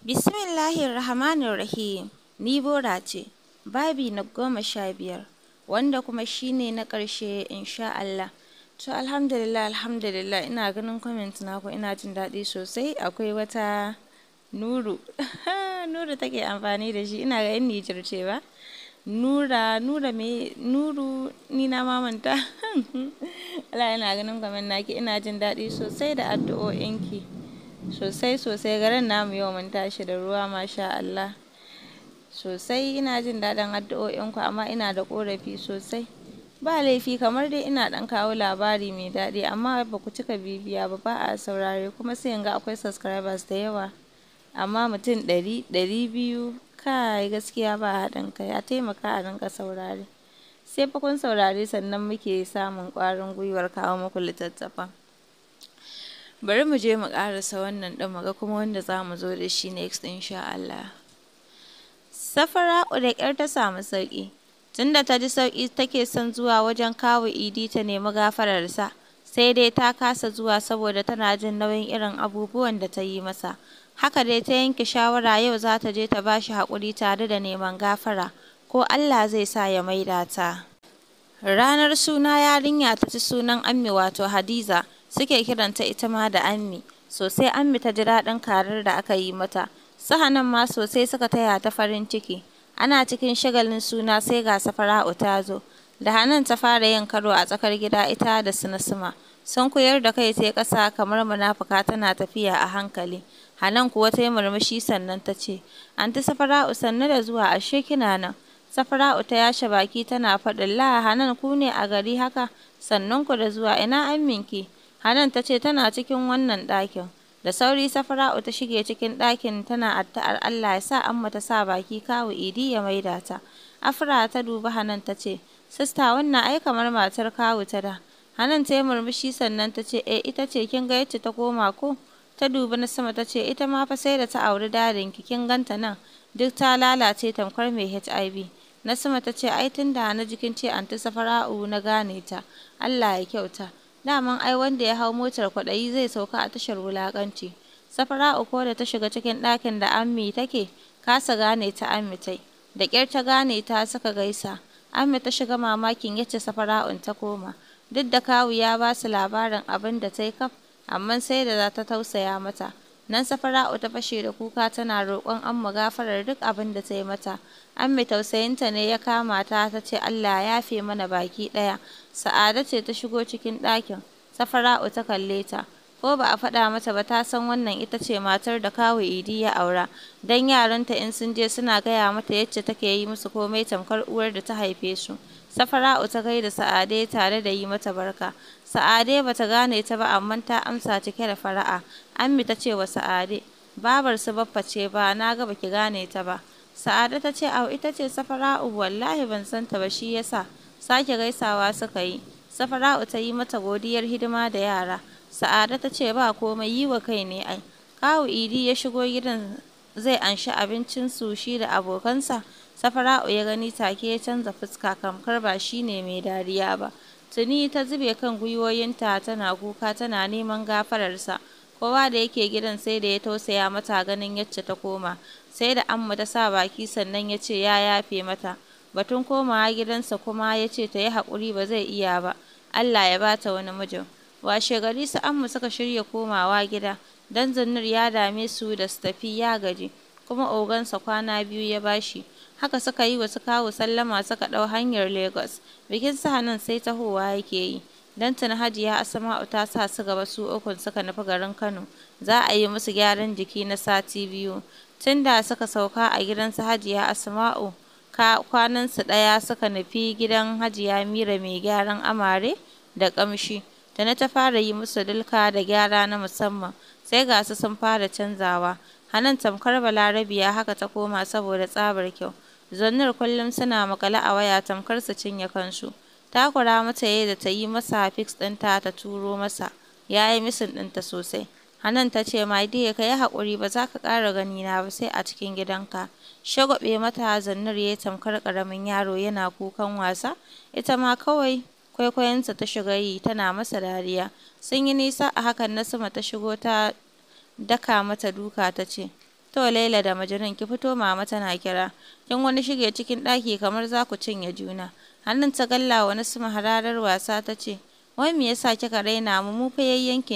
Bismillahirrahmanirrahim. Ni Bora ce, babi na goma sha biyar, wanda kuma shi ne na ƙarshe insha Allah. To alhamdulillah alhamdulillah ina ganin comment naku ina jin daɗi sosai akwai wata Nuru. Nuru take amfani da shi ina ga yin Nijar ce ba. Nura Nura me Nuru ni na mamanta. Allah yana ganin comment naki ina jin daɗi sosai da addu'o'inki. sosai sosai garin namu yau mun tashi da ruwa masha Allah sosai ina jin daɗin addu'o'inku amma ina da ƙorafi sosai ba laifi kamar dai ina ɗan kawo labari mai daɗi amma ba ku cika bibiya ba ba a saurare kuma sai ga akwai subscribers da yawa amma mutum ɗari ɗari biyu kai gaskiya ba haɗin kai a taimaka a rinka saurare sai fa kun saurare sannan muke samun ƙwarin gwiwar kawo muku littattafan Bari mu je mu ƙarasa wannan ɗin muga kuma wanda za mu zo da shi next insha Allah. Safara da ƙyar ta samu sauƙi. Tunda ta ji sauƙi take son zuwa wajen kawo Idi ta nemi gafararsa. Sai dai ta kasa zuwa saboda tana jin nauyin irin abubuwan da ta yi masa. Haka dai ta yanke shawara yau za ta je ta ba shi haƙuri tare da neman gafara. Ko Allah zai sa ya maida ta. Ranar suna yarinya ta ci sunan Ammi wato Hadiza. Suke kiranta ita ma da Ammi. Sosai Ammi ta ji daɗin karar da aka yi mata. Su Hanan ma sosai suka taya ta farin ciki. Ana cikin shagalin suna sai ga Safara'u ta zo. Da hannun ta fara yin karo a tsakar gida ita da Sinasima. Sun koyar da kai sai ƙasa kamar munafuka tana tafiya a hankali. Hanan kuwa ta yi murmushi sannan ta ce, ta Safara'u sannu da zuwa ashe kina nan." Safara'u ta yashe baki tana faɗin, "La Hanan ku ne a gari haka? sannan ku da zuwa ina amminki?" Hanan ta ce tana cikin wannan ɗakin. Da sauri Safara'u ta shige cikin ɗakin tana addu'ar Allah ya sa Amma ta sa baki kawu Idi ya maida ta. Afra ta dubi Hanan ta ce, Sista wannan ai kamar matar kawu ta da. Hanan ta yi murmushi sannan ta ce, E ita ce kin ga yacce ta koma ko? Ta dubi na sama ta ce, Ita ma fa sai da ta auri ki kin ganta nan. Duk ta lalace tamkar mai HIV. na sama ta ce, Ai tun da na jikin ce anti Safara'u na gane ta. Allah ya kyauta. Daman ai wanda ya hau motar kwaɗayi zai sauka a tashar wulaƙanci. Safara'u ko da ta shiga cikin ɗakin da Ammi take, kasa gane ta Ammi ta Da ƙyar ta gane ta saka gaisa. Ammi ta shiga mamakin yace Safara'un ta koma. Duk da kawu ya ba su labarin abin da ta yi kaf, amma sai da za ta tausaya mata. Nan Safara'u ta fashe da kuka tana roƙon Amma gafarar duk abin da ta yi mata. mai tausayinta ne ya kama ta ta ce Allah ya yafe mana baki ɗaya. Sa'ada ce ta shigo cikin ɗakin. Safara'u ta kalle ta. Ko ba a faɗa mata ba ta san wannan ita ce matar da kawu Idi ya aura. Dan yaranta in sun je suna gaya mata yacce take yi musu komai tamkar uwar da ta haife su. Safara'u ta gaida Sa'ade tare da yi mata barka. Sa'ade ba ta gane ta ba amma ta amsa cike da fara'a. Ammi ta ce wa Sa'ade, "Babar su baffa ce ba, na ga baki gane ta ba." Sa'ade ta ce, "Au ita ce Safara'u, wallahi ban san ta ba shi yasa." Sake gaisawa suka yi. Safara'u ta yi mata godiyar hidima da yara. Sa'ade ta ce ba komai yi wa kai ne ai. Kawu Idi ya shigo gidan zai anshi abincinsu shi da abokansa, Safara'u ya gani take ya canza fuska kamkar ba shi ne mai dariya ba. Tuni ta zube kan gwiwoyinta tana kuka tana neman gafararsa. Kowa da yake gidan sai da ya tausaya mata ganin yacce ta koma. Sai da Amma ta sa baki sannan ya ce ya yafe mata. Batun komawa gidansa kuma ya ce ta yi haƙuri ba zai iya ba. Allah ya bata wani mijin. Washe Washegari su Amma suka shirya komawa gida, dan zannur ya dame su da su tafi ya gaji, kuma ogansa kwana biyu ya bashi. Haka suka yi wa su kawu sallama suka ɗau hanyar Lagos. Bikin su Hanan sai tahowa yake yi. dan tuni Hajiya Asma'u ta sa su gaba su ukun suka nufi garin Kano. Za a yi musu gyaran jiki na sati biyu. Tun da suka sauka a gidan su Hajiya kwanan kwanansu ɗaya suka nufi gidan Hajiya Mira mai gyaran amare da ƙamshi. Da na ta fara yi musu dulka da gyara na musamman, sai ga su sun fara canzawa. hanan tamkar Balarabiya haka ta koma saboda tsabar kyau. zannar kullum suna maƙale a waya tamkar su cinye kansu. Takura mata ya da ta yi masa fix ɗinta ta turo masa, ya yi misin ɗinta sosai. hanan ta ce, "My dear, ka yi haƙuri, ba za ka ƙara na ba sai a cikin gidanka." Shagwaɓe mata Zannur ya yi tamkar ƙaramin yaro yana kukan wasa, ita ma kawai. kwaikwayonsa ta shiga yi, tana masa dariya. Sun yi nisa a hakan na sama ta shigo ta daka mata duka ta ce, To Laila da Majirin ki fito mama tana kira. Kin wani shige cikin ɗaki kamar za ku cinye juna. Hannun ta galla wani sama hararar wasa ta ce, Wai me yasa kika raina mu mu fa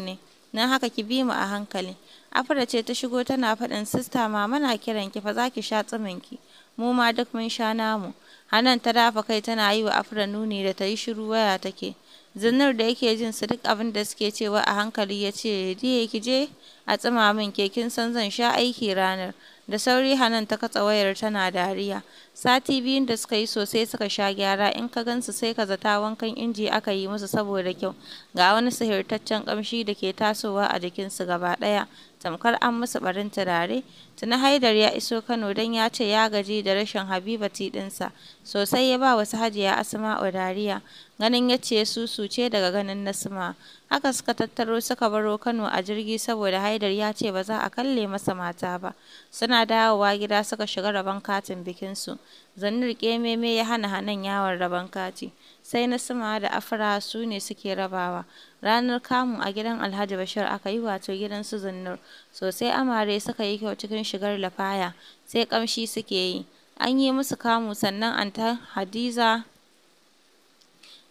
ne. Na haka ki bi mu a hankali. Afra ce ta shigo tana faɗin sista mama na kiran ki fa za ki sha tsumin ki. Mu ma duk mun sha namu. Hannun ta dafa kai tana yi wa Afra nuni da ta yi shiru waya take. zinnar da yake jin su duk abin da suke cewa a hankali ya ce, "Diye ki je a tsima min ke kin san zan sha aiki ranar." Da sauri Hanan ta katsa wayar tana dariya. Sati biyun da suka yi sosai suka sha gyara in ka gansu sai ka zata wankan inji aka yi musu saboda kyau. Ga wani sihirtaccen kamshi da ke tasowa a jikinsu gaba ɗaya. tamkar an musu ɓarin turare, tuni Haidar ya iso Kano don ya ce ya gaji da rashin Habibati ɗinsa, sosai ya ba wasu Hajiya Asma'u dariya, ganin ya ce su ce daga ganin Nasma. Haka suka tattaro suka baro Kano a jirgi saboda Haidar ya ce ba za a kalle masa mata ba. Suna dawowa gida suka shiga rabon katin bikinsu. Zanir Kememe ya hana Hanan yawon rabon katin. sai na sama da afara su ne suke rabawa. Ranar kamun a gidan Alhaji Bashir aka yi wato gidan su Zunnur, sosai amare suka yi kyau cikin shigar lafaya, sai kamshi suke yi. An yi musu kamu sannan an ta Hadiza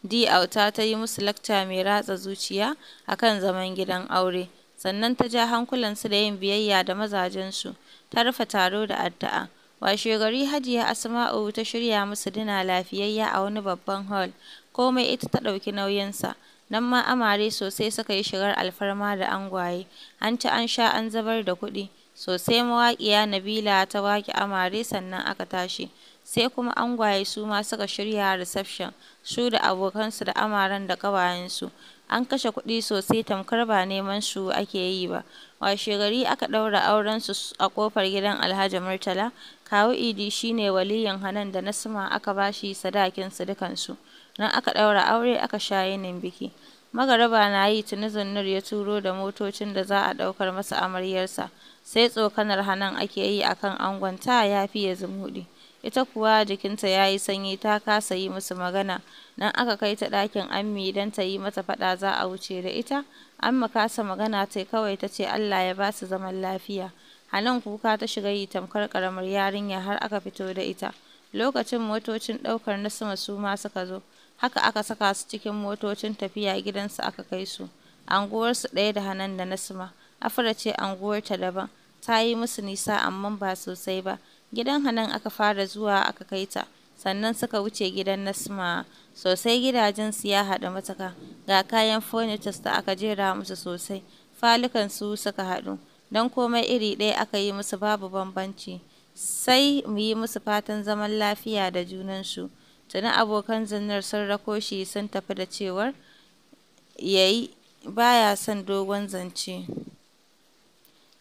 D. Auta ta yi musu lakca mai ratsa zuciya a kan zaman gidan aure, sannan ta ja hankulansu da yin biyayya da mazajensu, ta rufe taro da addu'a. Washegari Hajiya Asma'u ta shirya musu dina lafiyayya a wani babban hall komai ita ta ɗauki nauyinsa. Nan ma amare sosai suka yi shigar alfarma da angwaye, an ci an sha an zubar da kuɗi. Sosai mawaƙiya Nabila ta waƙe amare sannan aka tashi. Sai kuma angwaye su ma suka shirya reception, su da abokansu da amaren da ƙawayensu. An kashe kuɗi sosai tamkar ba neman su ake yi ba. washe gari aka ɗaura aurensu a ƙofar gidan Alhaji Murtala. Kawu Idi shine waliyan waliyin Hanan da suma aka bashi sadakin su dukansu. Nan aka ɗaura aure aka sha yinin biki. magaraba na yi tuni Zunnur ya turo da motocin da za a ɗaukar masa amaryarsa, sai tsokanar Hanan ake yi a kan ta ya fiye zumuɗi. ita kuwa jikinta ya yi sanyi ta kasa yi musu magana, nan aka kai ta ɗakin Ammi don ta yi mata faɗa za a wuce da ita, Amma kasa magana tai kawai ta ce Allah ya ba su zaman lafiya. Hanan kuka ta shiga yi tamkar karamar yarinya har aka fito da ita. Lokacin motocin ɗaukar na sama su ma suka zo, haka aka saka su cikin motocin tafiya gidansu aka kai su. Anguwarsu ɗaya da Hanan da Nasima, afira ce anguwar ta daban, ta yi musu nisa amma ba sosai ba. Gidan Hanan aka fara zuwa aka kai ta, sannan suka wuce gidan nasma sosai gidajen su ya haɗu mataka ga kayan furnitures da aka jera musu sosai, falukan su suka haɗu, don komai iri ɗaya aka yi musu babu bambanci, sai mu yi musu fatan zaman lafiya da junan su Tuni abokan zinnar sun rako shi sun tafi da cewar yayi baya ba son dogon zance.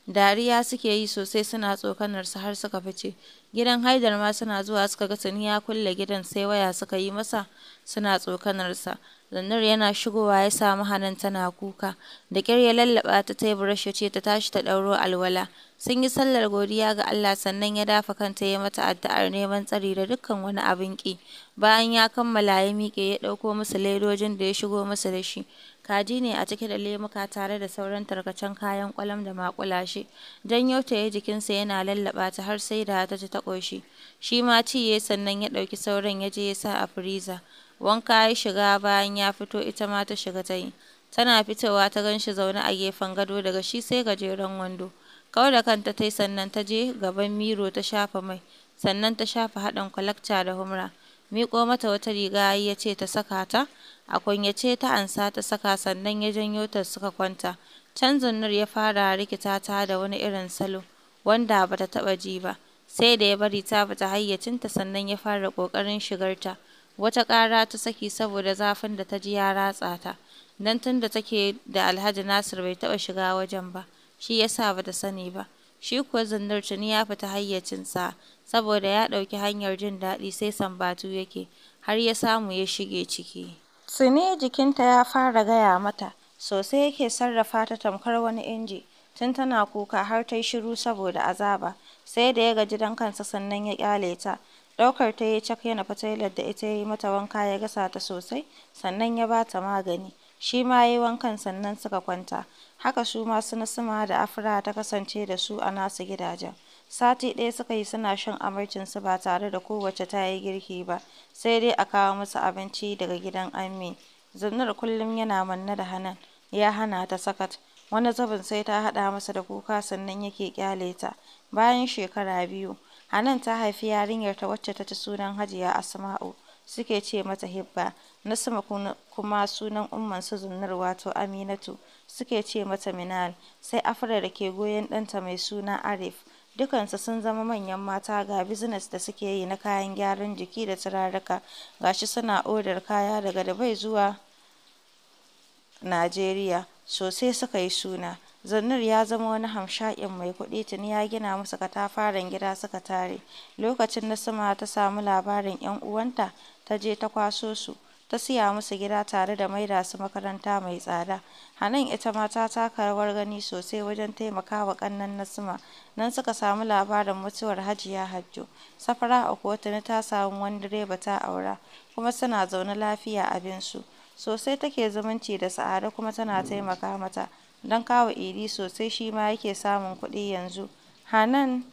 Dariya suke yi sosai suna tsokanarsa har suka fice. Gidan Haidar ma suna zuwa suka ga sani ya kulle gidan sai waya suka yi masa suna tsokanarsa. zannar yana shigowa ya samu Hanan tana kuka. Da ƙyar ya lallaɓa ta ta shi ce ta tashi ta ɗauro alwala. Sun yi sallar godiya ga Allah sannan ya dafa kanta ya mata addu'ar neman tsari da dukkan wani abin ƙi. Bayan ya kammala ya miƙe ya ɗauko musu ledojin da ya shigo musu da shi. kaji ne a cike da lemuka tare da sauran tarkacen kayan kwalam da maƙulashe, don ta ya jikinsa yana lallaɓa ta har sai da ta ci ta ƙoshi, shi ma ciye sannan ya ɗauki sauran ya je ya sa a firiza, wanka ya shiga bayan ya fito ita ma ta shiga ta yi, tana fitowa ta gan shi zaune a gefen gado daga shi sai gajeren wando, kawo da kanta ta yi sannan ta je gaban miro ta shafa mai, sannan ta shafa haɗin kwalakta da humra. miƙo mata wata riga ya ce ta saka ta, a kunyace ta ansa ta saka sannan ya janyo ta suka kwanta. Can nur ya fara rikita ta da wani irin salo, wanda ba ta taɓa ji ba, sai da ya bari ta fita hayyacinta sannan ya fara ƙoƙarin ta Wata ƙara ta saki saboda zafin da ta ji ya ratsa ta, don tun da take da Alhaji Nasir bai taɓa shiga wajen ba, shi yasa sa ba ta sani ba. Shi kuwa Zandar tuni ya fita hayyacinsa saboda ya ɗauki hanyar jin daɗi sai sambatu yake, har ya samu ya shige ciki. Tuni jikinta ya fara gaya mata, sosai yake sarrafa ta tamkar wani inji, tun tana kuka har ta yi shiru saboda azaba, sai da ya gaji don kansa sannan ya kyale ta. Ɗaukar ta yi cak ya nufi da ita ya yi mata wanka ya gasa ta sosai, sannan ya ba ta magani. shi ma ya yi wankan sannan suka kwanta. Haka su ma suna da afraha ta kasance da su a nasu gidajen. Sati ɗaya suka yi suna shan su ba tare da kowace ta yi girki ba, sai dai a kawo musu abinci daga gidan Ammi. Zunnar kullum yana manne da Hanan, ya hana ta sakat. Wani zubin sai ta haɗa masa da kuka sannan yake kyale ta. Bayan shekara biyu, Hanan ta haifi yarinyar ta wacce ta ci sunan Hajiya Asma'u. suke ce mata Hibba, na sama kuma sunan su Zunnar wato Aminatu suke ce mata Minal, sai Afra da ke goyon ɗanta mai suna Arif. Dukansu sun zama manyan mata ga bizines da suke yi na kayan gyaran jiki da turaruka, gashi suna odar kaya daga dabai zuwa Najeriya, sosai suka yi suna. Zannur ya zama wani hamshakin mai kuɗi tuni ya gina musu katafaren gida suka tare. Lokacin Nasima ta samu labarin 'yan uwanta, ta je ta kwaso su, ta siya musu gida tare da maida su makaranta mai tsada. Hanan ita ma ta taka rawar gani sosai wajen taimaka taimakawa na Nasima, nan suka samu labarin mutuwar Hajiya Hajjo. a kotu tuni ta samu wani direba ta aura, kuma suna zaune lafiya abinsu. Sosai take zumunci da sa'ada kuma tana taimaka mata. don kawo Iri sosai shi ma yake samun kuɗi yanzu. Hanan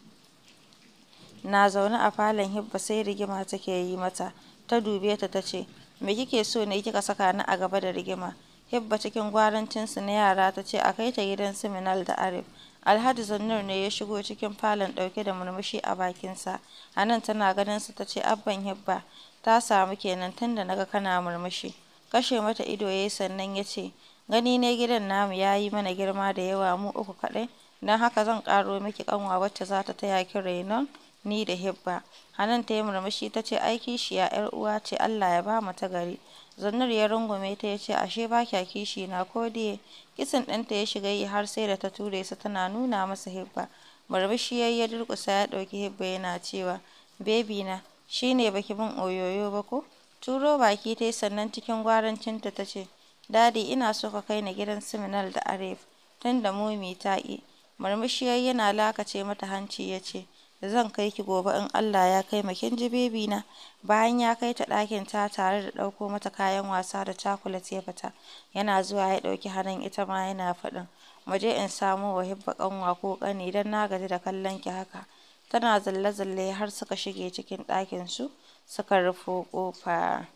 na zaune a falon Hibba sai rigima take yi mata. Ta dube ta ta ce, "Me kike so ne kika saka ni a gaba da rigima?" Hibba cikin gwarancinsu na yara ta ce a kai ta gidan siminal da Arif. Alhaji Zannur ne ya shigo cikin falon ɗauke da murmushi a bakinsa. Hanan tana ganin su ta ce, "Abban Hibba, ta samu kenan tunda na ga kana murmushi." Kashe mata ido yayi sannan ya ce, Gani ne gidan namu ya yi mana girma da yawa mu uku kaɗai, don haka zan ƙaro miki ƙanwa wacce za ta taya ki rainon ni da Hibba. nan ta yi murmushi ta ce ai ya 'yar uwa ce Allah ya ba mu ta gari. Zannur ya rungume ta ya ce ashe ba kya kishi na ko diye. Kisan ɗinta ya shiga yi har sai da ta ture su tana nuna masa Hibba. Murmushi ya yi ya durƙusa ya ɗauki Hibba yana cewa bebi na shi ne baki bin oyoyo ba ko? Turo baki ta yi sannan cikin gwarancinta ta ce Dadi ina so ka kai ni gidan Siminal da Aref tunda Mummy ta ƙi. Murmushi ya yana lakace mata hanci ya ce, Zan kai ki gobe in Allah ya kai mu kin ji bebi na. Bayan ya kai ta ɗakin ta tare da ɗauko mata kayan wasa da cakulet ya fita. Yana zuwa ya ɗauki hannun ita ma yana faɗin, mu je in samo wa Hibba ƙanwa ko ƙani don na gaji da kallon ki haka. Tana zalle-zalle har suka shige cikin ɗakin su suka rufo ƙofa.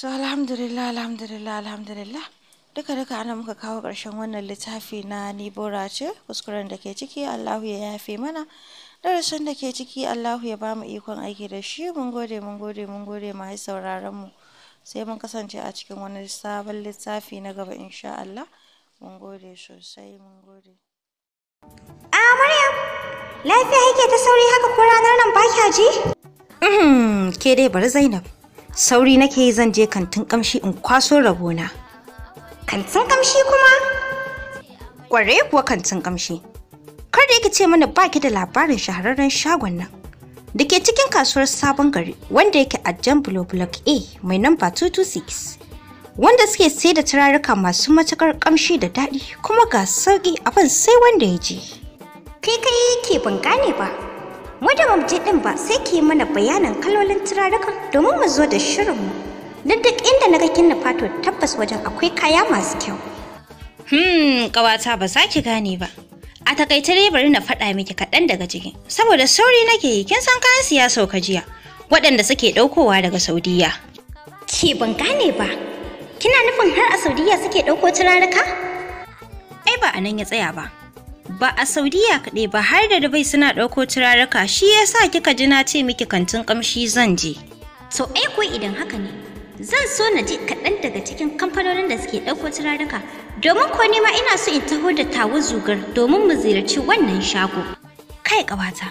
To alhamdulillah alhamdulillah alhamdulillah duka duka ana muka kawo ƙarshen wannan littafi na ni ce kuskuren da ke ciki Allahu ya yafe mana darasin da ke ciki Allahu ya bamu ikon aiki da shi mun gode mun gode mun gode mai sauraron mu sai mun kasance a cikin wani sabon littafi na gaba insha Allah mun gode sosai mun gode a Maryam lafiya yake ta sauri haka ko ranar nan ba kya ji uhm, ke dai bari Zainab sauri nake yi zan je kantin kamshi in kwaso rabona kantin kamshi kuma kware kuwa kantin kamshi kar da yake ce mana baki da labarin shahararren shagon nan da ke cikin kasuwar sabon gari wanda yake a jan block a mai namba 226 wanda suke sai da turaruka masu matakar kamshi da daɗi kuma ga sauƙi abin sai wanda ya je kai kai ke ban gane ba Wadda ba mu je ɗin ba sai ki mana bayanan kalolin turarukan domin mu zo da shirinmu. Duk duk inda na ga kinna fato tabbas wajen akwai kaya masu kyau. Hmm, ƙawata ba za ki gane ba. A takaice dai bari na faɗa miki kaɗan daga cikin, saboda sauri nake yi kin san kayan siyasa ka jiya, waɗanda suke ɗaukowa daga Saudiya. Ke ban gane ba, kina nufin har a Saudiya suke ɗauko turaruka? Ai ba a nan ya tsaya ba, ba a saudiya kaɗai ba har da dubai suna ɗauko turaruka shi ya sa kika ji na ce miki kantin ƙamshi zan je to ai ko idan haka ne zan so na je kaɗan daga cikin kamfanonin da suke ɗauko turaruka domin ko nema ina so in taho da tawo zugar domin mu ziyarci wannan shago kai ƙawata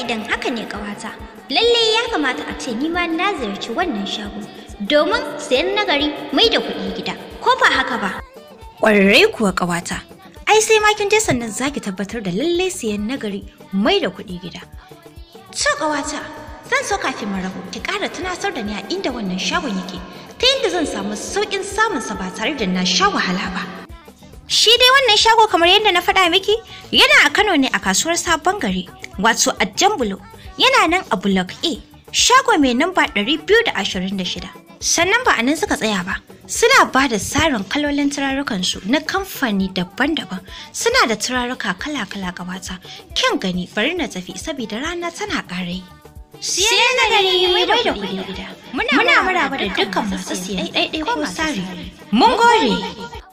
idan haka ne kawata lalle ya kamata a ce ni ma na ziyarci wannan shago domin sayan nagari mai da kuɗi gida ko ba haka ba ƙwararre kuwa ƙawata ai sai ma kin je sannan zaki tabbatar da lalle sayan nagari mai da kuɗi gida to ƙawata zan so kafin mu rabu ki ƙara tunasar da ni a inda wannan shagon yake ta yadda zan samu sauƙin samunsa ba tare da na sha wahala ba Shi dai wannan shago kamar yadda na faɗa miki yana a Kano ne a kasuwar sabon gari wato a Jambulo yana nan a Block A shago mai namba 226. Sannan ba a nan suka tsaya ba, suna ba da tsarin kalolin turarukansu na kamfani daban-daban suna da turaruka kala-kala gabata kyan gani bari na tafi saboda rana tana ƙarai. Siyan na gani mai da kuɗi gida. Muna muraba da dukkan masu siyan ɗaiɗai ko tsari, Mun gore!